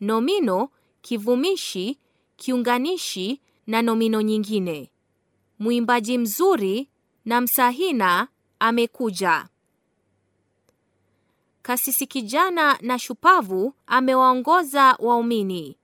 nomino, kivumishi, kiunganishi na nomino nyingine. Mwimbaji mzuri na msahina amekuja. Kasisi kijana na shupavu amewaongoza waumini.